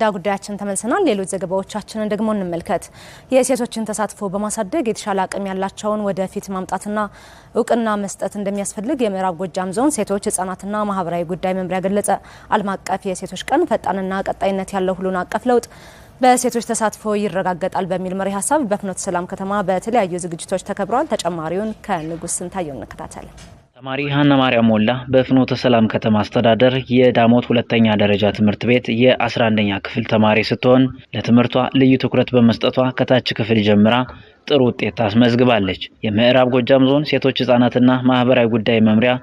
ዳ ጉዳያችን ተመልሰናል። ሌሎች ዘገባዎቻችንን ደግሞ እንመልከት። የሴቶችን ተሳትፎ በማሳደግ የተሻለ አቅም ያላቸውን ወደፊት ማምጣትና እውቅና መስጠት እንደሚያስፈልግ የምዕራብ ጎጃም ዞን ሴቶች ሕጻናትና ማህበራዊ ጉዳይ መምሪያ ገለጸ። ዓለም አቀፍ የሴቶች ቀን ፈጣንና ቀጣይነት ያለው ሁሉን አቀፍ ለውጥ በሴቶች ተሳትፎ ይረጋገጣል በሚል መሪ ሀሳብ በፍኖተ ሰላም ከተማ በተለያዩ ዝግጅቶች ተከብረዋል። ተጨማሪውን ከንጉስ ስንታየው እንከታተል። ተማሪ ሀና ማርያም ሞላ በፍኖተ ሰላም ከተማ አስተዳደር የዳሞት ሁለተኛ ደረጃ ትምህርት ቤት የ11ኛ ክፍል ተማሪ ስትሆን ለትምህርቷ ልዩ ትኩረት በመስጠቷ ከታች ክፍል ጀምራ ጥሩ ውጤት ታስመዝግባለች። የምዕራብ ጎጃም ዞን ሴቶች ህጻናትና ማህበራዊ ጉዳይ መምሪያ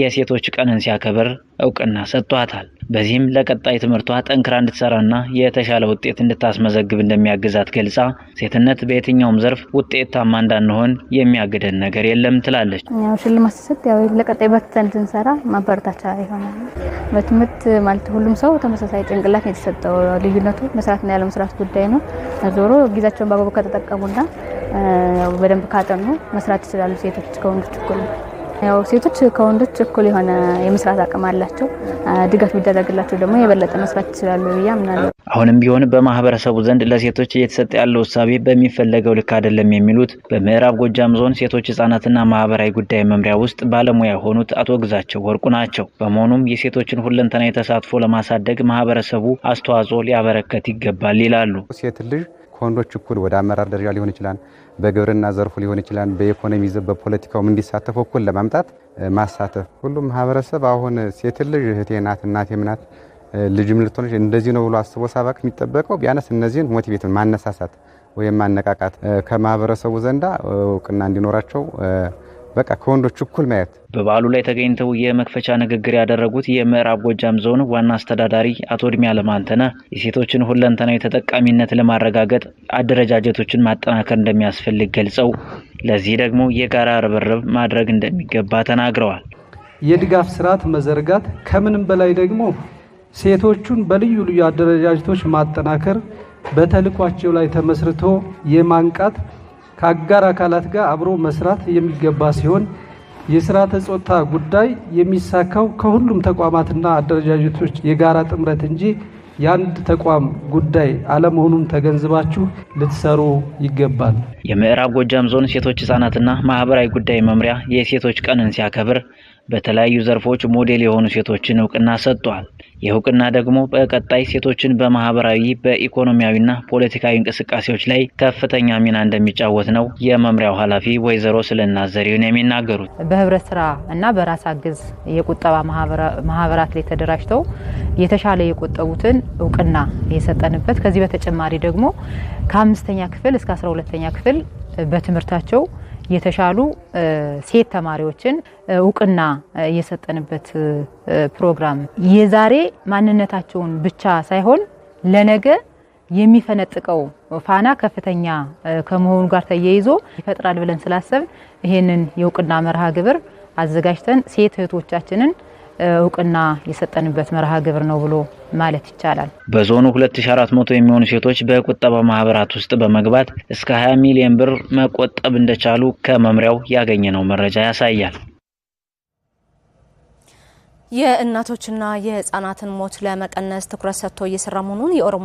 የሴቶች ቀንን ሲያከብር እውቅና ሰጥቷታል። በዚህም ለቀጣይ ትምህርቷ ጠንክራ እንድትሰራና የተሻለ ውጤት እንድታስመዘግብ እንደሚያግዛት ገልጻ ሴትነት በየትኛውም ዘርፍ ውጤታማ እንዳንሆን የሚያግደን ነገር የለም ትላለች። ሽልማት ሲሰጥ ያው ለቀጣይ በርትተን እንድንሰራ ማበረታቻ ይሆናል። በትምህርት ማለት ሁሉም ሰው ተመሳሳይ ጭንቅላት የተሰጠው ልዩነቱ መስራትና ያለ መስራት ጉዳይ ነው። ዞሮ ጊዜያቸውን በአግባቡ ከተጠቀሙና በደንብ ካጠኑ መስራት ይችላሉ ሴቶች ከወንዶች እኩል ነው። ያው ሴቶች ከወንዶች እኩል የሆነ የመስራት አቅም አላቸው። ድጋፍ ቢደረግላቸው ደግሞ የበለጠ መስራት ይችላሉ ብዬ አምናለሁ። አሁንም ቢሆን በማህበረሰቡ ዘንድ ለሴቶች እየተሰጠ ያለው እሳቤ በሚፈለገው ልክ አይደለም የሚሉት በምዕራብ ጎጃም ዞን ሴቶች ህጻናትና ማህበራዊ ጉዳይ መምሪያ ውስጥ ባለሙያ የሆኑት አቶ ግዛቸው ወርቁ ናቸው። በመሆኑም የሴቶችን ሁለንተና የተሳትፎ ለማሳደግ ማህበረሰቡ አስተዋጽኦ ሊያበረከት ይገባል ይላሉ። ሴት ልጅ ከወንዶች እኩል ወደ አመራር ደረጃ ሊሆን ይችላል፣ በግብርና ዘርፉ ሊሆን ይችላል፣ በኢኮኖሚ ዘ በፖለቲካውም እንዲሳተፉ እኩል ለማምጣት ማሳተፍ። ሁሉም ማህበረሰብ አሁን ሴት ልጅ እህቴ ናት እናቴም ናት ልጅም ልትሆነች እንደዚህ ነው ብሎ አስቦ ሳባክ የሚጠበቀው ቢያነስ እነዚህን ሞቲቬትን ማነሳሳት ወይም ማነቃቃት ከማህበረሰቡ ዘንዳ እውቅና እንዲኖራቸው በቃ ከወንዶች እኩል ማየት። በበዓሉ ላይ ተገኝተው የመክፈቻ ንግግር ያደረጉት የምዕራብ ጎጃም ዞን ዋና አስተዳዳሪ አቶ እድሜ አለማንተነ የሴቶችን ሁለንተናዊ ተጠቃሚነት ለማረጋገጥ አደረጃጀቶችን ማጠናከር እንደሚያስፈልግ ገልጸው ለዚህ ደግሞ የጋራ ርብርብ ማድረግ እንደሚገባ ተናግረዋል። የድጋፍ ስርዓት መዘርጋት ከምንም በላይ ደግሞ ሴቶቹን በልዩ ልዩ አደረጃጀቶች ማጠናከር በተልኳቸው ላይ ተመስርቶ የማንቃት ከአጋር አካላት ጋር አብሮ መስራት የሚገባ ሲሆን የስርዓተ ጾታ ጉዳይ የሚሳካው ከሁሉም ተቋማትና አደረጃጀቶች የጋራ ጥምረት እንጂ የአንድ ተቋም ጉዳይ አለመሆኑን ተገንዝባችሁ ልትሰሩ ይገባል። የምዕራብ ጎጃም ዞን ሴቶች ህጻናትና ማህበራዊ ጉዳይ መምሪያ የሴቶች ቀንን ሲያከብር በተለያዩ ዘርፎች ሞዴል የሆኑ ሴቶችን እውቅና ሰጥቷል። ይህ እውቅና ደግሞ በቀጣይ ሴቶችን በማህበራዊ በኢኮኖሚያዊና ፖለቲካዊ እንቅስቃሴዎች ላይ ከፍተኛ ሚና እንደሚጫወት ነው የመምሪያው ኃላፊ ወይዘሮ ስለና ዘሪሁን የሚናገሩት። በህብረት ስራ እና በራስ አገዝ የቁጠባ ማህበራት ላይ ተደራጅተው የተሻለ የቆጠቡትን እውቅና የሰጠንበት ከዚህ በተጨማሪ ደግሞ ከአምስተኛ ክፍል እስከ አስራ ሁለተኛ ክፍል በትምህርታቸው የተሻሉ ሴት ተማሪዎችን እውቅና የሰጠንበት ፕሮግራም የዛሬ ማንነታቸውን ብቻ ሳይሆን ለነገ የሚፈነጥቀው ፋና ከፍተኛ ከመሆኑ ጋር ተያይዞ ይፈጥራል ብለን ስላሰብን ይህንን የእውቅና መርሃ ግብር አዘጋጅተን ሴት እህቶቻችንን እውቅና የሰጠንበት መርሃ ግብር ነው ብሎ ማለት ይቻላል። በዞኑ 2400 የሚሆኑ ሴቶች በቁጠባ ማህበራት ውስጥ በመግባት እስከ 20 ሚሊዮን ብር መቆጠብ እንደቻሉ ከመምሪያው ያገኘነው መረጃ ያሳያል። የእናቶችና የህፃናትን ሞት ለመቀነስ ትኩረት ሰጥቶ እየሰራ መሆኑን የኦሮሞ